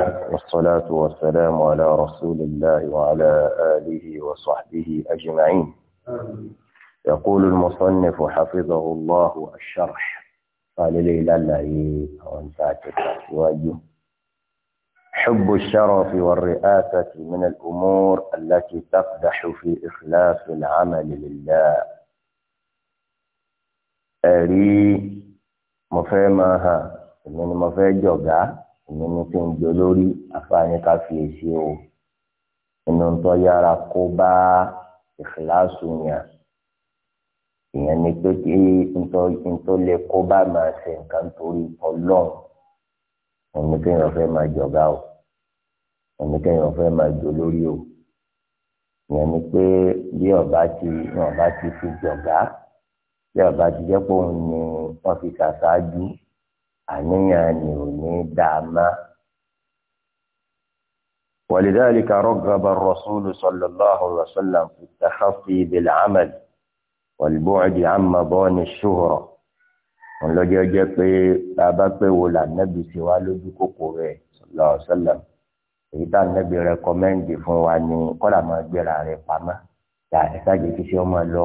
والصلاة والسلام على رسول الله وعلى آله وصحبه أجمعين يقول المصنف حفظه الله الشرح قال لي لا لا إيه، حب الشرف والرئاسة من الأمور التي تقدح في إخلاص العمل لله أري مفهمها من يعني مفهجها ìyẹn ní kí n jẹ lórí àfààní ká fi èsì o inú tó yára kó bá ìfìlásù yàn ìyẹn ní pé kí n tó lè kó bá máa ṣe nǹkan torí ọlọ́run òun ní kéèyàn fẹ́ máa jọ̀gá o òun ní kéèyàn fẹ́ máa jọ lórí o ìyẹn ni pé bí ọba ti ọba ti fi jọ̀gá bí ọba ti jẹ́ pé òun ni wọ́n fi ṣàṣáájú àníyàn ni ò ní dáa má. ولذلك رغب الرسول صلى الله عليه وسلم في التخفي بالعمل والبعد عن مضان الشهرة wọn lọ́jọ́ jẹ́ pé bàbá pé wo là nẹ́bi sí wa lójú kòkò rẹ̀ sallallahu alaihi wasallam èyí tá nẹ́bi rẹkọmẹ́ǹdì fún wa ni kọ́là máa gbéra rẹ̀ pamọ́ ta ẹ̀sáàjì kí ṣé wọ́n máa lọ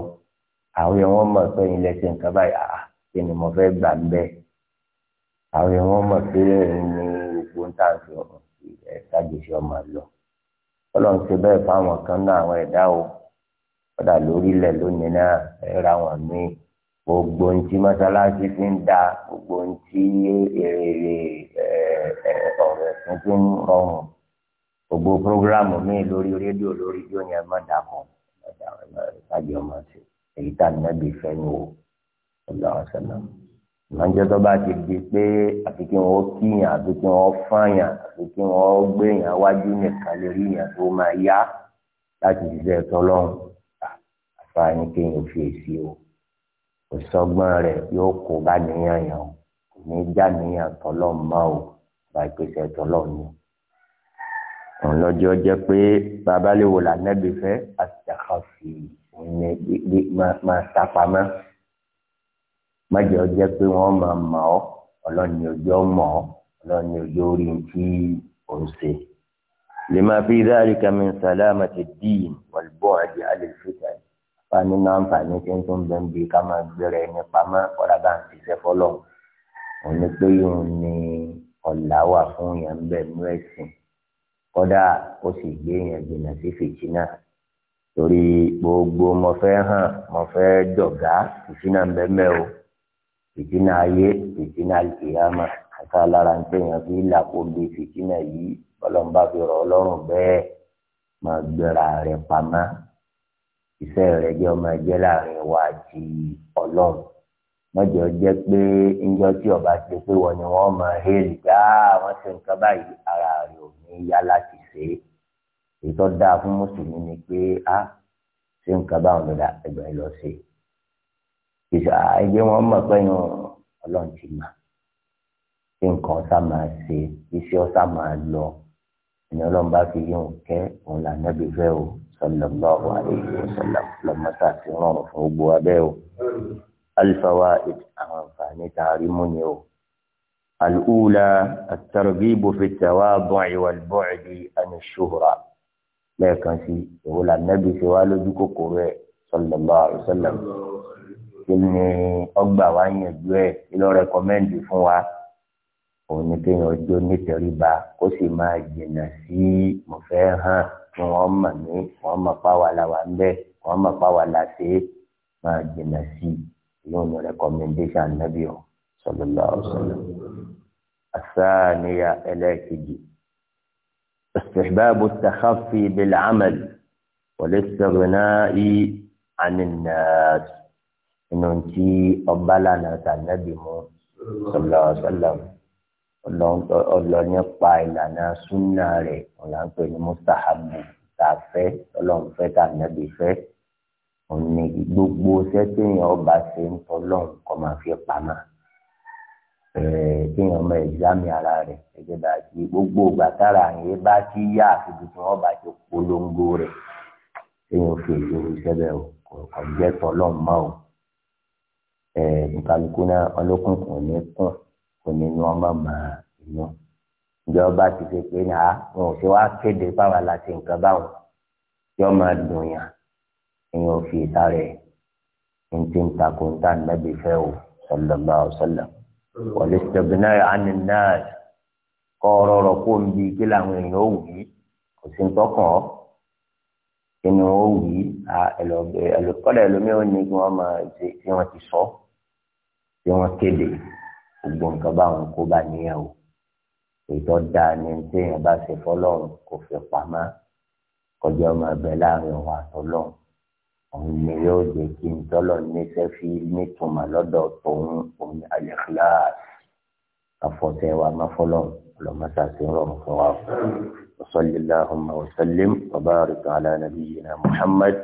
àwọn yẹn wọ́n mọ̀ pé ilẹ̀ ṣe nǹkan báyìí àá kí ni mo fẹ́ gbà ń bẹ́ẹ̀ àwọn èèyàn wọn mọ̀ pé ẹ̀yin ni gbogbo ń tàǹtì ẹ̀ẹ́dàgbèsè ọmọ lọ ọlọ́run ṣe bẹ́ẹ̀ fáwọn kan náà àwọn ẹ̀dá o padà lórílẹ̀ lónìí náà ẹ̀ra wọn ní gbogbo ń tí mọ́sálásí fi ń da gbogbo ń tí èrè ọ̀rọ̀ ẹ̀sìn fi ń rọrùn gbogbo programu míì lórí rédíò lórí ijó yẹn má dà kọ ẹ̀ka jẹ́ ọmọ sí èyí tá a nàbí fẹ́ ni o ọlọ́run sọ̀rọ̀ ìmọ̀jọ́ tó bá ti di pé àfi kí wọ́n kíyàn àfi kí wọ́n fààyàn àfi kí wọ́n gbéyàn wájú nìkan lórí yàn tó máa yá láti ṣiṣẹ́ tọ́lọ́run àfààní kéèyàn fi èsì o òṣọgbọ́n rẹ̀ yóò kó bá níyàn yàn kò ní já níyàn tọ́lọ́run mọ́ o bá ìpèsè tọ́lọ́run ni. òun lọ́jọ́ pé babaléwo lànàbí fẹ́ àtàkàfì òun ni máa sápamọ́ májẹ ọjẹ pé wọn máa mọ ọ ọlọ́ni ọjọ́ mọ ọ ọlọ́ni ọjọ́ orí ti òun ṣe. lima fi dhalika min salamati ad-din wal-bu'd 'ala al-fitan wà nínú àǹfààní tí ń tún bẹ́ẹ̀ bí ká máa gbẹ̀rẹ̀ ẹni pamọ́ ọ̀rá bá ń ṣiṣẹ́ fọlọ́ òun pé yóò ní ọ̀là wà fún yẹn ń bẹ̀ nú ẹ̀sìn kódà ó sì gbé yẹn jìnnà sí fìtínà torí gbogbo mo fẹ́ hàn mo fẹ́ dọ̀gá fìtínà ń bẹ́ẹ̀ mẹ́ o fìtínà ayé fìtínà kìyàmà àtà lára ń tẹ̀yàn fi làkó bí fìtínà yìí ọlọ́mọba fi rọ̀ ọlọ́run bẹ́ẹ̀ máa gbéra rẹ̀ pamá iṣẹ́ rẹ̀ jẹ́ ọmọ ẹgbẹ́ láàrin wa àti ọlọ́run mọ́jọ jẹ́ pé ńjọ́ tí ọba ti pé wọ́n ni wọ́n máa hélì dá ah, wọ́n ṣe nǹkan báyìí ara rẹ̀ ò ní yá láti ṣe é èyí dáa fún mùsùlùmí ni pé a ah, ṣe nǹkan báwọn lọ́dà ẹgbẹ́ lọ ìṣà ẹgbẹ́ wọn mọ̀ pé yín ọlọ́run ti mà kí nǹkan ọ̀sà máa ṣe iṣẹ́ ọ̀sà máa lọ ẹni ọlọ́run bá fi yín kẹ́ òun là nẹ́bí fẹ́ o sallallahu alayhi wa sallam lọ́mọ́tà ti rọrùn fún gbogbo abẹ́ o alifawa àwọn àǹfààní tá a rí mú ni o. الأولى الترغيب في التواضع والبعد عن الشهرة لكن في يقول النبي سوال جوكو صلى الله عليه وسلم kí ni ọgbà wa yànjú ẹ̀ kí ló rẹkọmẹ́ndì fún wa òun ni kéèyàn ọjọ́ nítorí ba kó sì máa jìnnà sí mo fẹ́ hàn kí wọ́n mọ̀ mí wọ́n mọ̀ páwa la wà ń bẹ̀ wọ́n mọ̀ páwa la ṣe é máa jìnnà sí yóò ní rẹkọmẹ́ndéṣàn nàbí o sọlọ́lá ọ̀sọ̀lọ́. àsáàníyà ẹlẹ́ẹ̀kejì استحباب التخفي بالعمل والاستغناء عن الناس inú tí ọba lànà tànàbì mú sọlọ sọlọ ọlọ nípa ìlànà súnà rẹ ọlà ń pè ní mustahabu tàfẹ ọlọ́nfẹ́ tànàbì fẹ́ òní gbogbo sẹ́tìyàn ọba ṣe ń tọ́lọ́ kọ́ máa fi pamọ́ kéèyàn máa ẹ̀gbámi ara rẹ̀ gẹ́gẹ́ bá ti gbogbo gbàtàrà yẹn bá ti yá àfihàn ọba ti polongo rẹ̀ kéèyàn fi èso ìṣẹ́bẹ̀ kọ̀ọ̀kan jẹ́ tọ́lọ́ mọ́ ẹ eh, nkàlùkù náà ọlọ́kùn kò ní kùn kò ní ní ọmọ màá inú ìjọba ti fi pé ní a wọn ò ṣe wá kéde báwa la ṣe nǹkan báwọn yóò máa dùn yàn èèyàn ò fi ìta rẹ ń ti ń takò ń tà nàbì fẹ́ o sallallahu alaihi wasallam wọlé sọgbìnà àní náà kọ ọrọrọ kó ń bi kí làwọn èèyàn ó wí kò sí ń tọkàn ọ kí ni wọn ó wí kọ́dà ẹlòmíràn ní kí wọ́n máa ṣe kí wọ́n ti sọ ọ́ tí wọ́n kéde gbogbo nǹkan báwọn kó bá níyà o ètò dáa ní tí èèyàn bá ṣe fọlọ́run kò fi pamọ́ kọjá ọmọ ẹgbẹ́ láàrin òun àtọ́lọ́run òun ni yóò jẹ́ kí n tọ́lọ̀ níṣẹ́ fi nítumọ̀ lọ́dọ̀ tòun òun al-ikhlas àfọ̀tẹ́ wa má fọlọ́run ọlọ́mọṣà rọrùn fún wa وصل اللهم وسلم وبارك على نبينا محمد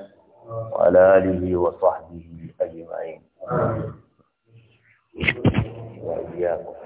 وعلى آله وصحبه أجمعين وإياكم